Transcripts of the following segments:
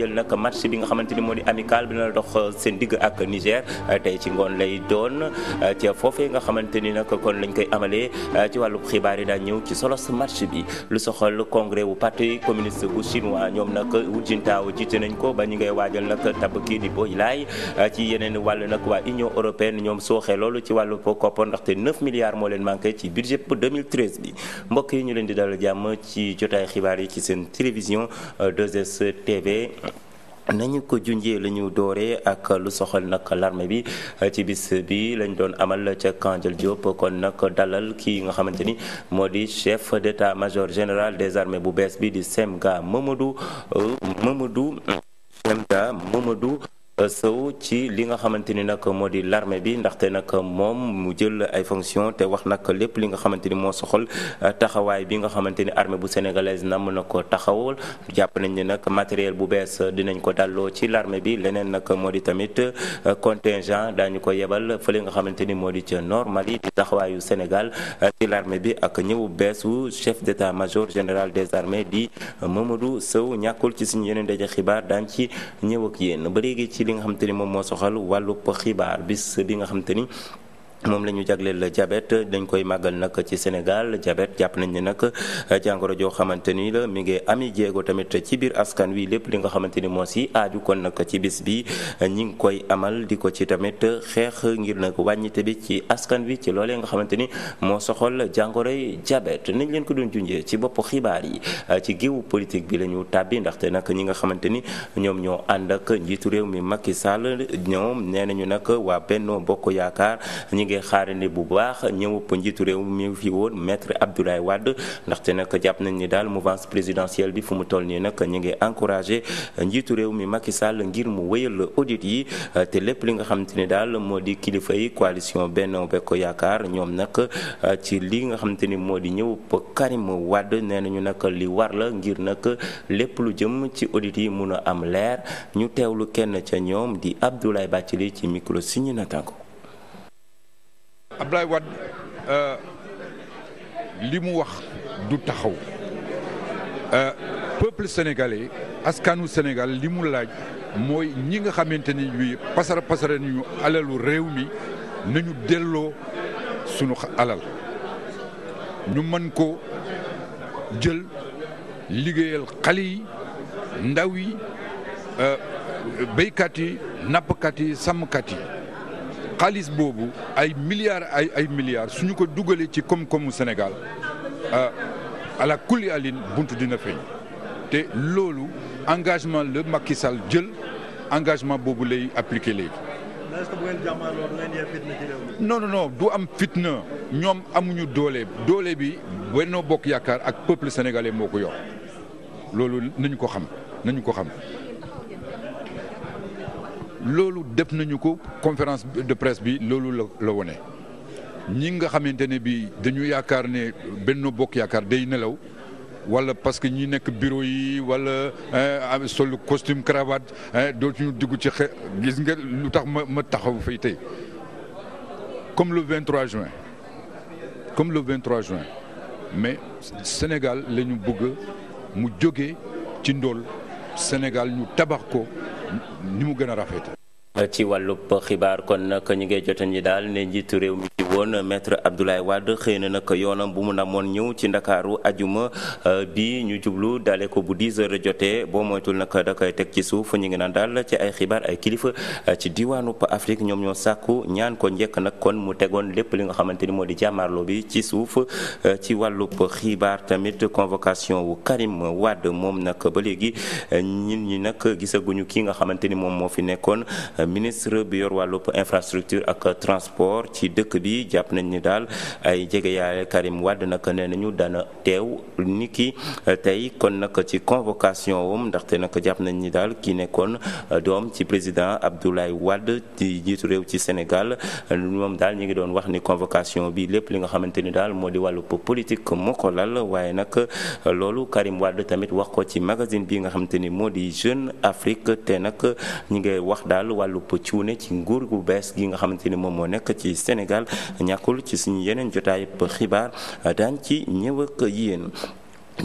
jël nag match bi nga xamanteni modi amical bi na dox euh, sen dig ak Niger euh, tay ci ngone lay doon euh, ci fofé nga xamanteni nak kon lañ koy amalé ci walu xibaari da ñëw ci solos match bi lu soxal congrès wu parti communiste bu chinois ñoom nag Hu Jintao jiite nañ ko ba ñi ngay wajal nak tab kii di Boy lay ci yeneen walu nak wa Union européenne ñom soxé lolu ci wàllu ndax té 9 milliards mo leen manké ci budget pour 2013 bi mbokk yi ñu leen di dal jàmm ci jotaay xibaari ci sen télévision 2S TV nañu ko junjee la ñu dooree ak lu soxal nag larme bi ci bis bi lañ doon amal ca Kandial Diop kon nag dalal kii nga xamante ni moo di chef d'état-major général des armées bu bees bi di SEMGA Mamadou Mamadou Mamadou sow ci li nga xamante ni nag moo di l'armée bi ndaxte nag moom mu jël ay fonction te wax nag lépp li nga xamante ni moo soxol euh, taxawaay bi nga xamante ni armée bu sénégalaise na mën na ko taxawal jàpp nañ ne nag matériel bu bees dinañ ko dalloo ci l'armée bi leneen nag moo di tamit euh, contingent daañu ko yebal fële nga xamante ni moo di ca nord Mali di taxawaayu Sénégal euh, ci l'armée bi ak ñëw wu chef d'état-major général des armées di Mamadou Sow ñàkkul ci suñu yeneen daje xibaar daan ci ñëw ci li nga xamante ni moom moo wàllu wàllub xibaar bis bi nga xamante ni moom la ñu la diabète dañ koy màggal nag ci Sénégal diabète jàpp nañ ne nag jàngoro joo xamante ni la mi ngi ami jéego tamit ci biir askan wi lépp li nga xamante ni moo si aaju kon nag ci bis bi ñi ngi koy amal di ko ci tamit xeex ngir nag wàññite bi ci askan wi ci loolee nga xamante ni moo soxal jàngoroy jabet nañ leen ko doon junjee ci bopp xibaar yi ci géewu politique bi la ñu tàbbi ndaxte nag ñi nga xamante ni ñoom ñoo ànd ak njiitu réew mi Macky Sall ñoom nee nañu nag waa Benno Bokk Yaakaar ngi xaarandi bu baax po njiitu réew mi fi woon maître Abdoulaye Wade ndaxte nag jàpp nañ ni daal mouvance présidentielle bi fu mu toll nii nag ñu ngi encouragé njiitu réew mi Macky Sall ngir mu wéyal audit yi te lépp li nga xamante ni daal moo di kilifa yi coalition Benno Bokk Yaakaar ñoom nag ci li nga xamante ni moo di ñëwup Karim Wade nee nañu nag li war la ngir nag lépp lu jëm ci audit yi mun a am leer ñu teewlu kenn ca ñoom di Abdoulaye Bathily ci micro Signé Natango Abdoulaye Wade euh, li mu wax du taxaw euh, peuple sénégalais askanu senegal li mu laaj mooy ñi nga xamante ni ñuy pasara pasara ñu alalu réew mi nañu delloo suñu alal ñu mën ko jël liggéeyal xale yi ndaw yi euh, béykat yi nappkat yi sàmmkat yi. xaalis boobu ay milliards ay ay milliards suñu ko dugalee ci comme comme Sénégal euh, ala kulli aline bunt dina feeñ te loolu engagement le Macky Sall jël engagement boobu lay appliqué léegi. non non non du am fitna ñoom amuñu doole doole bi Benno Bokk Yaakaar ak peuple sénégalais moo ko yor loolu nañu ko xam nañu ko xam lolu def nañu ko conférence de presse bi lolu la woné ñi nga bi dañu day nelaw wala parce que ñi nek bureau yi wala eh, costume cravate nous eh, avons ci gis nga lutax comme le 23 juin comme le 23 juin mais Sénégal les bëgg mu Sénégal nous tabax ko ni mu ci wàllub xibaar kon nag ñu ngay jotoon ñi daal ne njiitu réew mi. woon maître Abdoulaye Wade xëy na nag yoonam bu mu namoon ñëw ci ndakaaru ajuma euh, bi ñu jublu dalee ko bu 10 heures jotee boo moytul nag da koy teg ci suuf ñu ngi naan daal ci ay xibaar ay kilifa euh, ci diwaanu Afrique ñoom ñoo sàkku ñaan ko njëkk nag kon mu tegoon lépp li nga xamante ni moo di jàmmaarloo bi ci suuf euh, ci wàllub xibaar tamit convocation wu Karim Wade moom nag ba léegi ñun ñi nag gisaguñu kii nga xamante ni moom moo fi nekkoon ministre bi yor wàllub infrastructure ak transport jàpp nañ ni daal ay jege Karim wad nag nee nañu dana teew niki euh, tey kon nak ci convocation wam ndaxte nag jàpp nañ ni daal ki nekkoon euh, doom ci président Abdoulaye Wade di jiitu réew ci Sénégal euh, moom daal ñu ngi doon wax ni convocation bi lépp li nga xamante ni daal moo di wàllu politique moo ko lal waaye nak loolu Karim wad tamit wax ko ci magazine bi nga xamante ni Jeune Afrique te nag ñi ngay wax daal wàllu cuune ci nguur gu bees gi nga xamante ni moom nekk ci Sénégal ñàkkul ci suñu yeneen jotaay xibaar daan ci ñëw ak yéen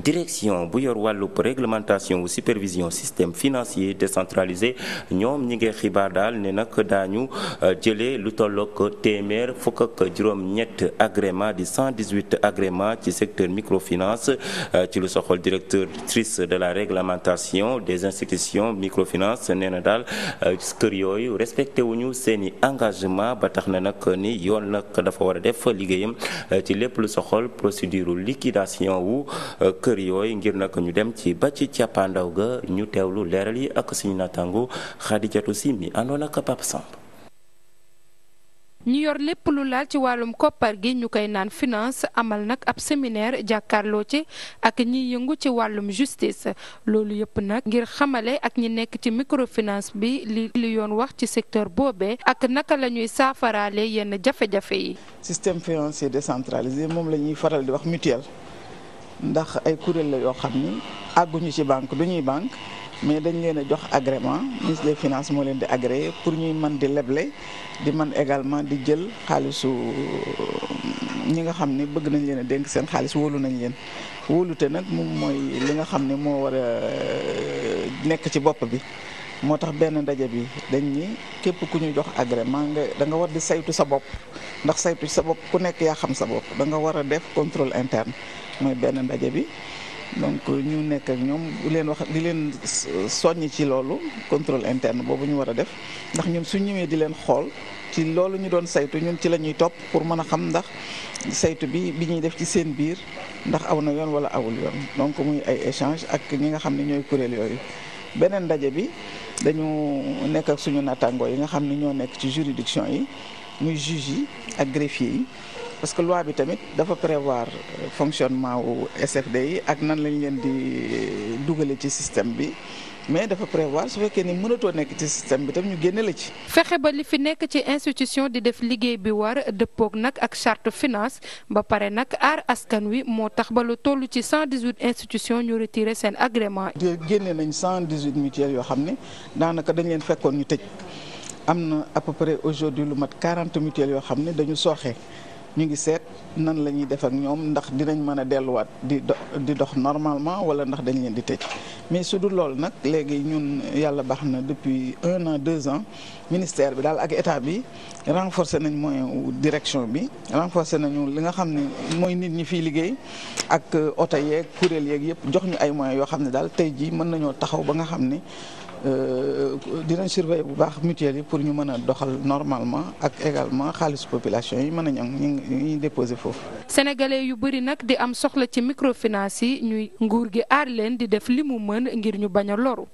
direction bu yor wàllub réglementation supervision système financier décentralisé ñom ñi ngi xibaar daal ne nak dañu euh, jëlé lu tollok téeméer fuk ak juroom ñett agrément di 118 agrément ci secteur microfinance euh, ci lu soxal directrice de la réglementation des institutions microfinance néna na daal euh, kër yoy respecté wuñu seen engagement ba tax na nag ni yoon nak dafa wara a def liggéeyam ci lépp lu soxol procédure liquidation wu kër yooyu ngir nag ñu dem ci ba ci càppaandaw ga ñu teew lu leeral yi ak suñu naataango Xadijatu Si mi àndoon ak Pape Samb ñu yor lépp lu laal ci wàllum koppar gi ñu koy naan finance amal nag ab séminaire jàkkaarloo ci ak ñi yëngu ci wàllum justice loolu yëpp nag ngir xamale ak ñi nekk ci microfinance bi li li yoon wax ci secteur boobee ak naka lañuy ñuy saafaraale yenn jafe-jafe yi. système financier décentralisé moom la ñuy faral di wax mutuel. ndax ay kuréel la yoo xam ni àgguñu ci banque du ñuy banque mais dañ leen a jox agrément ministre des finances moo leen di agréé pour ñuy man di leble di man également di jël xaalisu ñi nga xam ne bëgg nañ leen dénk seen xaalis wóolu nañ leen wóolute nag moom mooy li nga xam ne moo war a euh, nekk ci bopp bi moo tax benn ndaje bi dañ ñi képp ku ñu jox agrément nga da nga war di saytu sa bopp ndax saytu sa bopp ku nekk yaa xam sa bopp da nga war a def contrôle interne mooy benn ndaje bi donc ñu nekk ak ñoom di leen wax di leen soññ ci loolu contrôle interne boobu ñu war a def ndax ñun suñ ñëwee di leen xool ci loolu ñu doon saytu ñun ci la ñuy topp pour mën a xam ndax saytu bi bi ñuy def ci seen biir ndax aw na yoon wala awul yoon donc muy ay échange ak ñi nga xam ne ñooy kuréel yooyu. beneen ndaje bi dañu nekk suñu nattangoo yi nga xam ne ñoo nekk ci juridiction yi muy juge yi ak greffier yi. parce que loi bi tamit dafa prévoir fonctionnement wu SFD yi ak nan lañ leen di dugale ci système bi mais dafa prévoir su fekkee ni mënatoo nekk ci système bi tam ñu génne la ci. fexe ba li fi nekk ci institution di def liggéey bi war dëppoog nag ak charte finance ba pare nag aar askan wi moo tax ba lu toll ci 118 institutions ñu retiré seen agrément. génne nañ 118 mutuelles yoo xam ne daanaka dañ leen fekkoon ñu tëj am na à peu près aujourd'hui lu mat 40 mutuelles yoo xam ne dañu sooxe. ñu ngi seet nan la ñuy def ñoom ndax dinañ mën a delluwaat di dox di dox normalement wala ndax dañ leen di tëj mais su dul loolu nag léegi ñun yàlla baax na depuis un an deux ans ministère bi daal ak état bi renforcer nañ moyen direction bi renforcer nañu li nga xam ne mooy nit ñi fiy liggéey ak oto yeeg kuréel yeeg yëpp jox ñu ay moyens yoo xam ne daal tey jii mën nañoo taxaw ba nga xam ni Euh, dinañ surveiller bu baax mutuelle yi pour ñu mën a doxal normalement ak également xaalisu population yi mën a ñam ñu ñuy déposer foofu. sénégalais yu bëri nag di am soxla ci microfinance yi ñuy nguur gi aar leen di def li mu mën ngir ñu bañ a loru.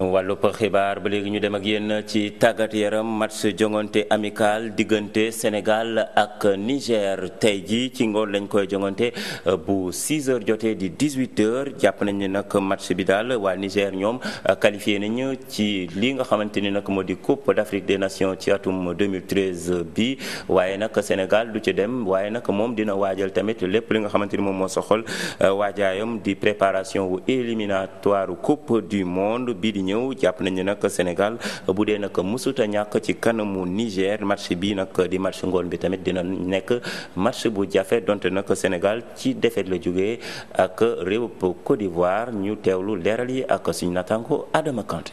wàllub xibaar ba léegi ñu dem ak yéen ci tàggat yaram match jongante amical diggante Sénégal ak Niger tey jii ci ngoon lañ koy jongante euh, bu 6h jotee di 18h jàpp nañ ne nag match bi daal waa Niger ñoom euh, qualifié nañ ci li nga xamante ni nag moo di Coupe d'Afrique des Nations ci atum 2013 bi waaye nag Sénégal du ci dem waaye nag moom dina waajal tamit lépp li nga xamante ni moom moo soxal euh, waajaayam di préparation wu éliminatoire Coupe du monde bi ñëw jàpp nañu nag Sénégal bu dee nag mësut a ñàkk ci kanamu Niger match bi nag di match ngoon bi tamit dina nekk match bu jafe donte nag Sénégal ci defet la jógee ak réew Côte d'Ivoire ñu teewlu leeral yi ak suñu natango Adama Kanté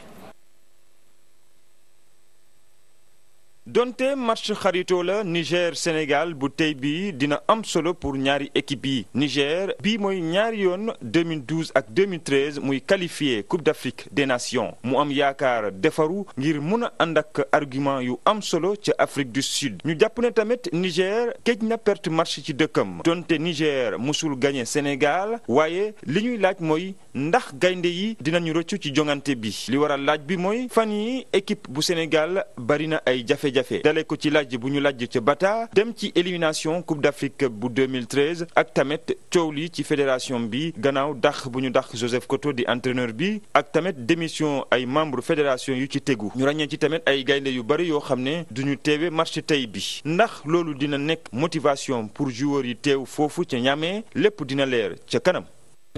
donte match xaritoo la Niger Sénégal bu tey bii dina am solo pour ñaari équipe yi Niger bii mooy ñaari yoon 2012 ak 2013 muy qualifié Coupe d'Afrique des Nations mu am yaakaar defaru ngir mën a ànd ak argument yu am solo ca Afrique du Sud ñu jàpp ne tamit Niger géej na perte match ci dëkkam donte Niger mosul gagné Sénégal waaye li ñuy laaj mooy ndax gaynde yi dinañu rëccu ci jongante bi li waral laaj bi équipe bu Sénégal Barina ay jafe-jafe dale ko ci laaj bu laaj Bata dem élimination Coupe d'Afrique bu 2013 ak tamit coow li ci fédération bi gannaaw dax bu Joseph Koto di entraîneur bi ak tamit démission ay membre fédération yu ci tegu ñu ràññee ci tamit ay gaynde yu bari yoo xam duñu teewe match tey bi ndax dina motivation pour joueur yi teew foofu ca ñamee lépp dina leer ca kanam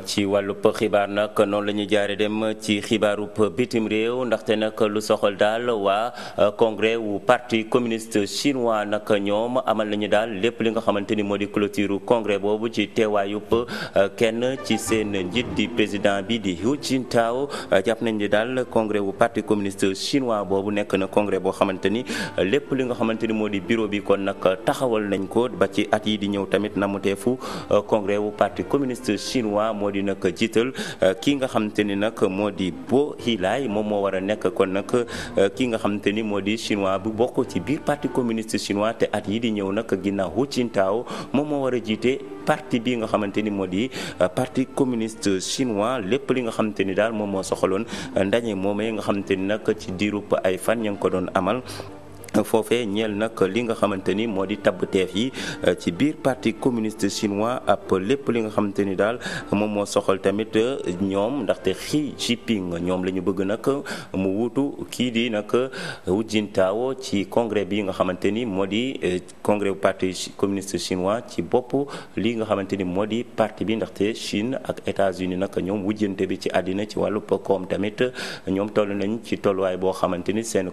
ci wàllub xibaar nag noonu la ñuy jaare dem ci xibaarub bitim réew ndaxte nag lu soxal daal waa euh, congrès wu parti communiste chinois nag ñoom amal nañu daal lépp li nga xamante ni moo di clôture congrès boobu ci teewaayub euh, kenn ci seen njiit di président bi di Hu Jintao euh, jàpp nañ ni daal congrès wu parti communiste chinois boobu nekk na congrès boo xamante ni lépp li nga xamante ni moo di bureau bi kon nag taxawal nañ ko ba ci at yi di ñëw tamit namuteefu congrès moo di nag jiital euh, kii nga xamante ni nag moo di Bo Xilai moom moo war a nekk kon nag euh, kii nga xamante ni moo di chinois bu bokk ci biir parti communiste chinois te at yi di ñëw nag ginnaaw Hu Jintao moom moo war a jiite parti bi nga xamante ni moo di euh, parti communiste chinois lépp li nga xamante ni daal moom moo soxaloon ndaje moomee nga xamante ni nag ci diirub ay fan ña ngi ko doon amal Euh, foofee ñeel nak li nga xamante ni euh, parti communiste chinois appelé li nga tamit euh, ndaxte Xi la bëgg mu di congrès bi nga congrès parti communiste chinois ci bopp li nga parti bi Chine ak États-Unis nag ñoom wujjante bi ci àddina ci koom tamit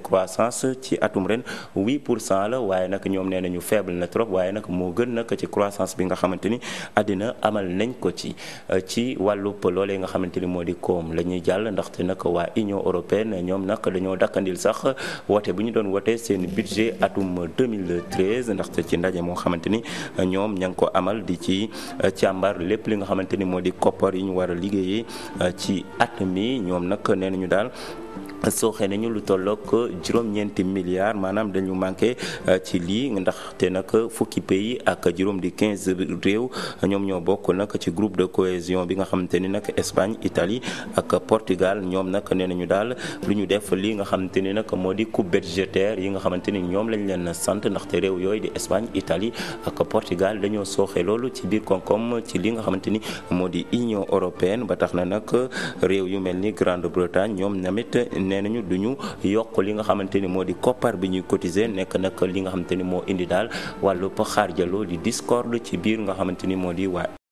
croissance ci atum 8 pour cent la waaye nag ñoom nee nañu faible na trop waaye nag moo gën nag ci croissance bi nga xamante ni àddina amal nañ ko ci euh, ci wàllub loolee nga xamante ni moo di koom la ñuy jàll ndaxte nag waa Union européenne ñoom nag dañoo dakkandil sax woote bu ñu doon woote seen budget atum 2013 ndaxte ci ndaje moo xamante ni euh, ñoom ña ngi ko amal di ci euh, càmbar lépp li nga xamante ni moo di koppor yi ñu war a liggéeyee ci at mi ñoom nag nee nañu daal sooxee nañu lu tollook juróom-ñeenti milliards maanaam dañu manqué euh, ci lii ndaxte nag fukki pays ak juróom di 15 réew ñoom ñoo bokk nag ci groupe de cohésion bi nga xamante ni nag Espagne Italie ak Portugal ñoom nag nee nañu daal lu ñu def lii nga xamante ni nag moo di coupe budgétaire yi nga xamante ni ñoom lañ leen sant ndaxte réew yooyu di Espagne Italie ak Portugal dañoo sooxee loolu ci biir koom-koom ci li nga xamante ni moo di Union européenne ba tax na nag réew yu mel ni Grande-Bretagne ñoom nee nañu du ñu yokk li nga xamante ni moo di koppar bi ñuy cotiser nekk nag li nga xamante ni moo indi daal wàllu xaar jaloo di discorde ci biir nga xamante ni moo di waa